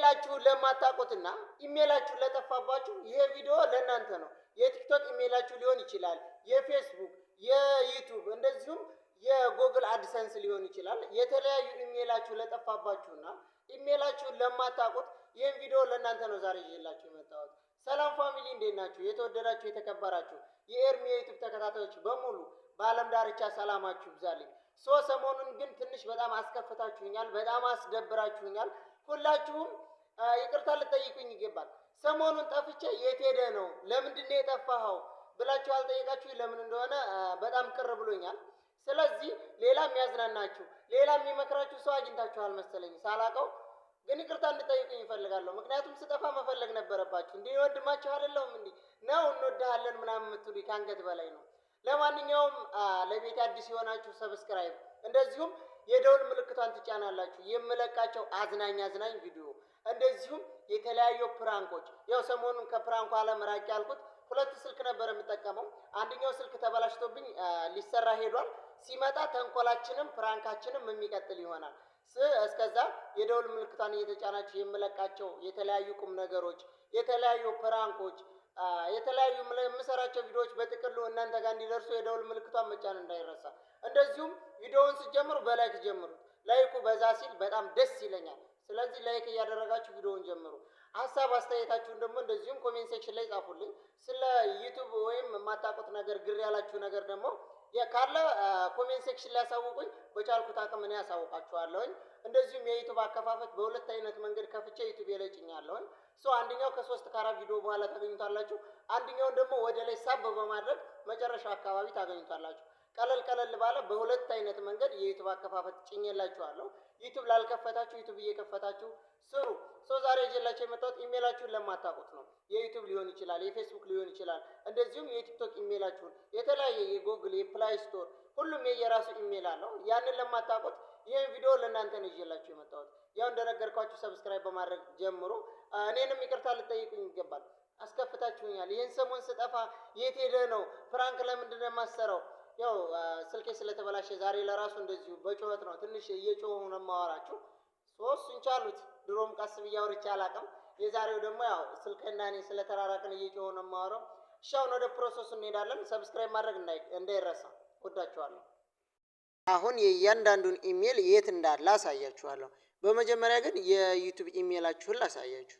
ኢሜላችሁን ለማታውቁትና ኢሜላችሁ ለጠፋባችሁ ይሄ ቪዲዮ ለእናንተ ነው። የቲክቶክ ኢሜላችሁ ሊሆን ይችላል፣ የፌስቡክ፣ የዩቱብ እንደዚሁም የጎግል አድሰንስ ሊሆን ይችላል። የተለያዩ ኢሜላችሁ ለጠፋባችሁና ኢሜላችሁን ለማታውቁት ይህን ቪዲዮ ለእናንተ ነው ዛሬ ይዤላችሁ የመጣሁት። ሰላም ፋሚሊ እንዴት ናችሁ? የተወደዳችሁ የተከበራችሁ የኤርሚ የዩቱብ ተከታታዮች በሙሉ በዓለም ዳርቻ ሰላማችሁ ይብዛልኝ። ሶ ሰሞኑን ግን ትንሽ በጣም አስከፍታችሁኛል፣ በጣም አስደብራችሁኛል ሁላችሁም ይቅርታ ልጠይቁኝ ይገባል። ሰሞኑን ጠፍቼ የት ሄደ ነው ለምንድን ነው የጠፋኸው ብላችሁ አልጠየቃችሁ ለምን እንደሆነ በጣም ቅር ብሎኛል። ስለዚህ ሌላ የሚያዝናናችሁ ሌላ የሚመክራችሁ ሰው አግኝታችኋል መሰለኝ ሳላቀው ግን ይቅርታ እንድጠይቁኝ ይፈልጋለሁ። ምክንያቱም ስጠፋ መፈለግ ነበረባችሁ። እንዲህ ወንድማችሁ አይደለሁም እንዲህ ነው እንወድሃለን ምናምን የምትሉኝ ከአንገት በላይ ነው። ለማንኛውም ለቤት አዲስ የሆናችሁ ሰብስክራይብ፣ እንደዚሁም የደውል ምልክቷን ትጫናላችሁ የምለቃቸው አዝናኝ አዝናኝ ቪዲዮ እንደዚሁም የተለያዩ ፕራንኮች ያው ሰሞኑን ከፕራንኩ ዓለም ራቅ ያልኩት ሁለት ስልክ ነበር የምጠቀመው። አንደኛው ስልክ ተበላሽቶብኝ ሊሰራ ሄዷል። ሲመጣ ተንኮላችንም ፕራንካችንም የሚቀጥል ይሆናል። እስከዛ የደውል ምልክቷን እየተጫናችሁ የምለቃቸው የተለያዩ ቁም ነገሮች፣ የተለያዩ ፕራንኮች፣ የተለያዩ የምሰራቸው ቪዲዮዎች በጥቅሉ እናንተ ጋር እንዲደርሱ የደውል ምልክቷን መጫን እንዳይረሳ። እንደዚሁም ቪዲዮውን ስጀምሩ በላይክ ጀምሩት። ላይኩ በዛ ሲል በጣም ደስ ይለኛል። ስለዚህ ላይክ እያደረጋችሁ ቪዲዮውን ጀምሩ። ሀሳብ አስተያየታችሁን ደግሞ እንደዚሁም ኮሜንት ሴክሽን ላይ ጻፉልኝ። ስለ ዩቱብ ወይም የማታውቁት ነገር ግር ያላችሁ ነገር ደግሞ ካለ ኮሜንት ሴክሽን ላይ ያሳውቁኝ። በቻልኩት አቅም እኔ ያሳውቃችኋለሁኝ። እንደዚሁም የዩቱብ አከፋፈት በሁለት አይነት መንገድ ከፍቼ ዩቱብ የለጭኛለሁኝ። ሶ አንደኛው ከሶስት ከአራት ቪዲዮ በኋላ ታገኙታላችሁ። አንደኛውን ደግሞ ወደ ላይ ሳብ በማድረግ መጨረሻ አካባቢ ታገኙታላችሁ። ቀለል ቀለል ባለ በሁለት አይነት መንገድ የዩቱብ አከፋፈት ጭኜላችኋለሁ። ዩቱብ ላልከፈታችሁ ዩቱብ እየከፈታችሁ ስሩ። ሰው ዛሬ ይዤላችሁ የመጣሁት ኢሜላችሁን ለማታውቁት ነው። የዩቱብ ሊሆን ይችላል፣ የፌስቡክ ሊሆን ይችላል፣ እንደዚሁም የቲክቶክ ኢሜላችሁን የተለያየ የጎግል የፕላይ ስቶር ሁሉም የየራሱ ኢሜል አለው። ያንን ለማታውቁት ይህን ቪዲዮ ለእናንተ ነው ይዤላችሁ የመጣሁት። ያው እንደነገርኳችሁ ሰብስክራይብ በማድረግ ጀምሮ እኔንም ይቅርታ ልጠይቁኝ ይገባል። አስከፍታችሁኛል። ይህን ሰሞን ስጠፋ የት ሄደ ነው? ፍራንክ ለምንድን ነው የማሰረው ያው ስልኬ ስለተበላሸ ዛሬ ለራሱ እንደዚሁ በጩኸት ነው ትንሽ እየጮሁ ነው የማወራችሁ። ሶስት እንቻሉት ድሮም ቀስ ብዬ አውርቼ አላውቅም። የዛሬው ደግሞ ያው ስልክና እኔ ስለተራራቅን እየጮሁ ነው የማወራው። እሺ አሁን ወደ ፕሮሰሱ እንሄዳለን። ሰብስክራይብ ማድረግ እንዳይረሳ። ወዳችኋለሁ። አሁን የእያንዳንዱን ኢሜል የት እንዳለ አሳያችኋለሁ። በመጀመሪያ ግን የዩቱብ ኢሜላችሁን ላሳያችሁ።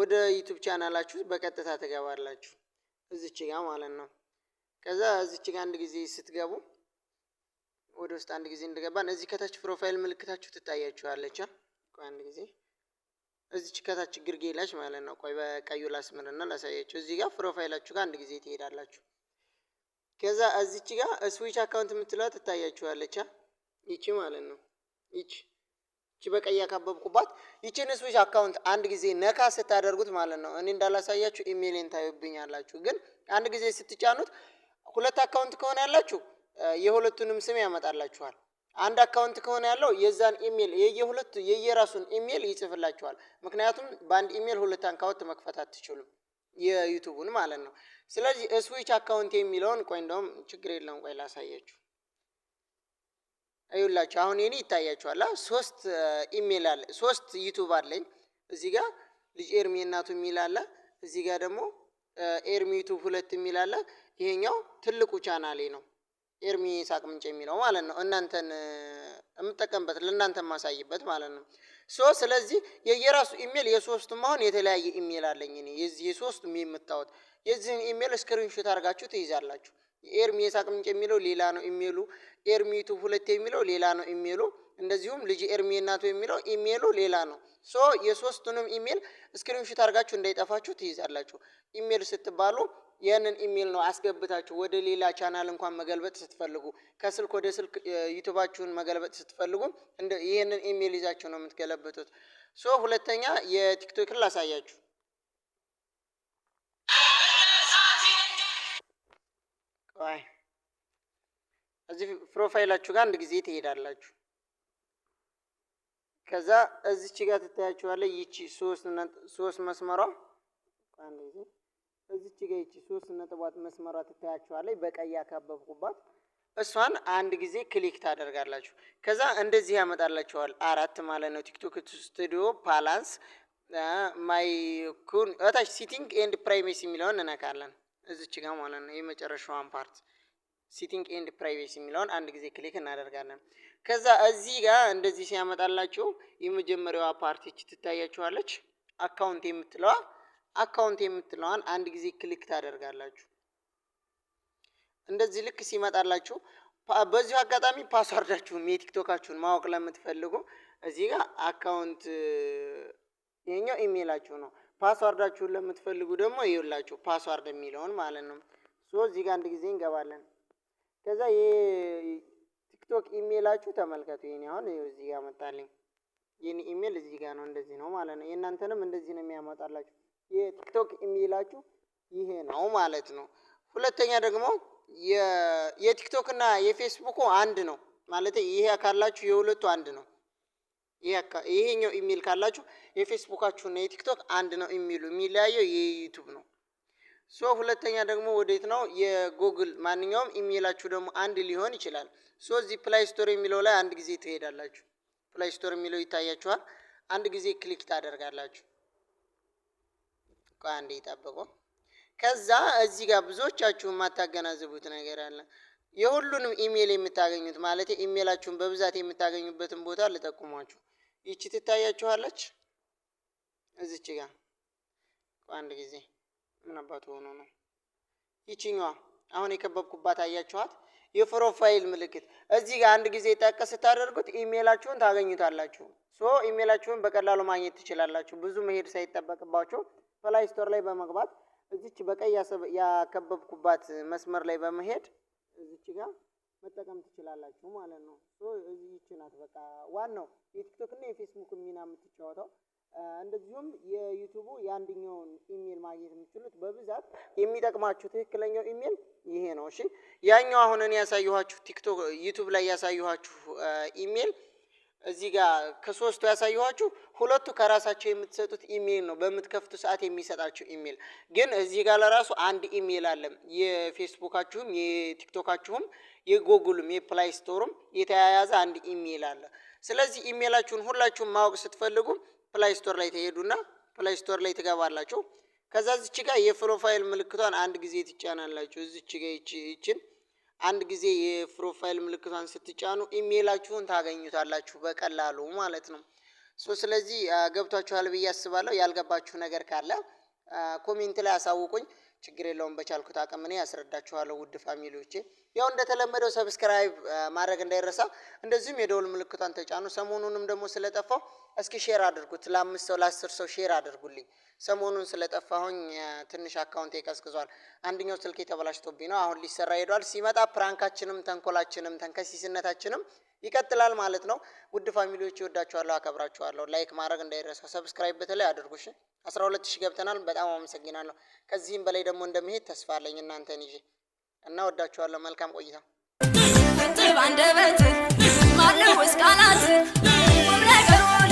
ወደ ዩቱብ ቻናላችሁ በቀጥታ ትገባላችሁ፣ እዚች ጋር ማለት ነው። ከዛ እዚች ጋር አንድ ጊዜ ስትገቡ ወደ ውስጥ አንድ ጊዜ እንደገባን እዚህ ከታች ፕሮፋይል ምልክታችሁ ትታያችኋለች። አንድ ጊዜ እዚች ከታች ግርጌ ላች ማለት ነው። ቆይ በቀዩ ላስምርና ላሳያችሁ። እዚህ ጋር ፕሮፋይላችሁ ጋር አንድ ጊዜ ትሄዳላችሁ። ከዛ እዚች ጋር ስዊች አካውንት የምትለዋ ትታያችኋለች። ይቺ ማለት ነው ይቺ ይቺ በቀይ ያካበብኩባት ይቺን ስዊች አካውንት አንድ ጊዜ ነካ ስታደርጉት ማለት ነው እኔ እንዳላሳያችሁ ኢሜይሌን ታዩብኛላችሁ። ግን አንድ ጊዜ ስትጫኑት ሁለት አካውንት ከሆነ ያላችሁ የሁለቱንም ስም ያመጣላችኋል። አንድ አካውንት ከሆነ ያለው የዛን ኢሜል የየሁለቱ የየራሱን ኢሜል ይጽፍላችኋል። ምክንያቱም በአንድ ኢሜል ሁለት አካውንት መክፈት አትችሉም፣ የዩቱቡን ማለት ነው። ስለዚህ እስዊች አካውንት የሚለውን ቆይ፣ እንደውም ችግር የለውም ቆይ ላሳያችሁ። እዩላችሁ አሁን የኔ ይታያችኋል። ሶስት ኢሜል አለ፣ ሶስት ዩቱብ አለኝ። እዚህ ጋር ልጅ ኤርሚ እናቱ የሚል አለ። እዚህ ጋር ደግሞ ኤርሚ ዩቱብ ሁለት የሚል አለ። ይሄኛው ትልቁ ቻናሌ ነው ኤርሚ ይስሐቅ ምንጭ የሚለው ማለት ነው። እናንተን የምጠቀምበት ለእናንተ የማሳይበት ማለት ነው። ሶ ስለዚህ የየራሱ ኢሜል የሶስቱም አሁን የተለያየ ኢሜል አለኝ እኔ የዚህ የሶስቱም የምታወት የዚህን ኢሜል ስክሪንሾት አድርጋችሁ ትይዛላችሁ። ኤርሚ ይስሐቅ ምንጭ የሚለው ሌላ ነው ኢሜሉ። ኤርሚቱ ሁለት የሚለው ሌላ ነው ኢሜሉ። እንደዚሁም ልጅ ኤርሚ እናቱ የሚለው ኢሜሉ ሌላ ነው። ሶ የሶስቱንም ኢሜል ስክሪንሹት አድርጋችሁ እንዳይጠፋችሁ ትይዛላችሁ። ኢሜል ስትባሉ ያንን ኢሜል ነው አስገብታችሁ ወደ ሌላ ቻናል እንኳን መገልበጥ ስትፈልጉ፣ ከስልክ ወደ ስልክ ዩቱባችሁን መገልበጥ ስትፈልጉ ይህንን ኢሜል ይዛችሁ ነው የምትገለበጡት። ሶ ሁለተኛ የቲክቶክን ላሳያችሁ። እዚህ ፕሮፋይላችሁ ጋር አንድ ጊዜ ትሄዳላችሁ። ከዛ እዚች ጋር ትታያችኋለ። ይቺ ሶስት መስመሯ እዚች ጋር ይቺ ሶስት ነጥቧት መስመሯ ትታያችኋለ። በቀይ ያካበብኩባት እሷን አንድ ጊዜ ክሊክ ታደርጋላችሁ። ከዛ እንደዚህ ያመጣላችኋል አራት ማለት ነው። ቲክቶክ ስቱዲዮ ፓላንስ ማይ ኩን እታች ሲቲንግ ኤንድ ፕራይቬሲ የሚለውን እነካለን። እዚች ጋር ማለት ነው የመጨረሻዋን ፓርት ሲቲንግ ኤንድ ፕራይቬሲ የሚለውን አንድ ጊዜ ክሊክ እናደርጋለን። ከዛ እዚህ ጋር እንደዚህ ሲያመጣላችሁ የመጀመሪያዋ ፓርቲች ትታያችኋለች። አካውንት የምትለዋ አካውንት የምትለዋን አንድ ጊዜ ክሊክ ታደርጋላችሁ። እንደዚህ ልክ ሲመጣላችሁ በዚሁ አጋጣሚ ፓስዋርዳችሁን የቲክቶካችሁን ማወቅ ለምትፈልጉ እዚህ ጋር አካውንት የኛው ኢሜይላችሁ ነው። ፓስዋርዳችሁን ለምትፈልጉ ደግሞ ይኸውላችሁ ፓስዋርድ የሚለውን ማለት ነው። ሶ እዚህ ጋር አንድ ጊዜ እንገባለን። ከዛ ቲክቶክ ኢሜይላችሁ ተመልከቱ። ይሄን አሁን እዚህ ጋር መጣልኝ። የኔ ኢሜይል እዚህ ጋር ነው፣ እንደዚህ ነው ማለት ነው። የእናንተንም እንደዚህ ነው የሚያመጣላችሁ። የቲክቶክ ኢሜይላችሁ ይሄ ነው ማለት ነው። ሁለተኛ ደግሞ የቲክቶክ እና የፌስቡኩ አንድ ነው ማለት ይሄ ካላችሁ የሁለቱ አንድ ነው። ይሄኛው ኢሜይል ካላችሁ እና የቲክቶክ አንድ ነው። ኢሜይሉ የሚለያየው የዩቱብ ነው። ሶ ሁለተኛ ደግሞ ወዴት ነው የጉግል ማንኛውም ኢሜይላችሁ ደግሞ አንድ ሊሆን ይችላል። ሶ እዚህ ፕላይ ስቶር የሚለው ላይ አንድ ጊዜ ትሄዳላችሁ። ፕላይ ስቶር የሚለው ይታያችኋል። አንድ ጊዜ ክሊክ ታደርጋላችሁ። አንዴ ይጠብቁ። ከዛ እዚህ ጋር ብዙዎቻችሁ የማታገናዝቡት ነገር አለ። የሁሉንም ኢሜይል የምታገኙት ማለት ኢሜይላችሁን በብዛት የምታገኙበትን ቦታ ልጠቁሟችሁ። ይቺ ትታያችኋለች እዚች ጋር አንድ ጊዜ ምን አባቱ ሆኖ ነው? ይችኛዋ አሁን የከበብኩባት አያችኋት? የፕሮፋይል ምልክት እዚህ ጋር አንድ ጊዜ ጠቀስ ስታደርጉት ኢሜላችሁን ታገኙታላችሁ። ሶ ኢሜላችሁን በቀላሉ ማግኘት ትችላላችሁ፣ ብዙ መሄድ ሳይጠበቅባችሁ ፕላይ ስቶር ላይ በመግባት እዚች በቀይ ያከበብኩባት መስመር ላይ በመሄድ እዚች ጋር መጠቀም ትችላላችሁ ማለት ነው። ይቺ ናት በቃ ዋናው የቲክቶክ እና የፌስቡክ ሚና የምትጫወተው እንደዚሁም የዩቱቡ የአንደኛውን ኢሜል ማግኘት የምትችሉት በብዛት የሚጠቅማችሁ ትክክለኛው ኢሜል ይሄ ነው። እሺ ያኛው አሁን እኔ ያሳየኋችሁ ቲክቶክ ዩቱብ ላይ ያሳየኋችሁ ኢሜል እዚህ ጋር ከሶስቱ ያሳየኋችሁ ሁለቱ ከራሳቸው የምትሰጡት ኢሜል ነው። በምትከፍቱ ሰዓት የሚሰጣችሁ ኢሜል ግን እዚህ ጋር ለራሱ አንድ ኢሜል አለ። የፌስቡካችሁም፣ የቲክቶካችሁም፣ የጎግሉም የፕላይ ስቶሩም የተያያዘ አንድ ኢሜል አለ። ስለዚህ ኢሜላችሁን ሁላችሁም ማወቅ ስትፈልጉ ፕላይ ስቶር ላይ ትሄዱና ፕላይ ስቶር ላይ ትገባላችሁ። ከዛ ዝች ጋር የፕሮፋይል ምልክቷን አንድ ጊዜ ትጫናላችሁ። እዚች ጋር ይችን አንድ ጊዜ የፕሮፋይል ምልክቷን ስትጫኑ ኢሜይላችሁን ታገኙታላችሁ በቀላሉ ማለት ነው። ሶ ስለዚህ ገብቷችኋል ብዬ አስባለሁ። ያልገባችሁ ነገር ካለ ኮሜንት ላይ አሳውቁኝ። ችግር የለውም። በቻልኩት አቅም እኔ ያስረዳችኋለሁ። ውድ ፋሚሊዎቼ ያው እንደተለመደው ሰብስክራይብ ማድረግ እንዳይረሳ፣ እንደዚሁም የደውል ምልክቷን ተጫኑ። ሰሞኑንም ደግሞ ስለጠፋው እስኪ ሼር አድርጉት ለአምስት ሰው ለአስር ሰው ሼር አድርጉልኝ። ሰሞኑን ስለጠፋሁኝ ትንሽ አካውንት ቀዝቅዟል። አንደኛው ስልክ የተበላሽቶብኝ ነው። አሁን ሊሰራ ሄዷል። ሲመጣ ፕራንካችንም ተንኮላችንም ተንከሲስነታችንም ይቀጥላል ማለት ነው። ውድ ፋሚሊዎች ይወዳችኋለሁ፣ አከብራችኋለሁ። ላይክ ማድረግ እንዳይረሳ፣ ሰብስክራይብ በተለይ አድርጉሽ። አስራ ሁለት ሺህ ገብተናል። በጣም አመሰግናለሁ። ከዚህም በላይ ደግሞ እንደሚሄድ ተስፋ አለኝ እናንተን ይዤ እና ወዳችኋለሁ። መልካም ቆይታ። አንደበት ማለው እስካላት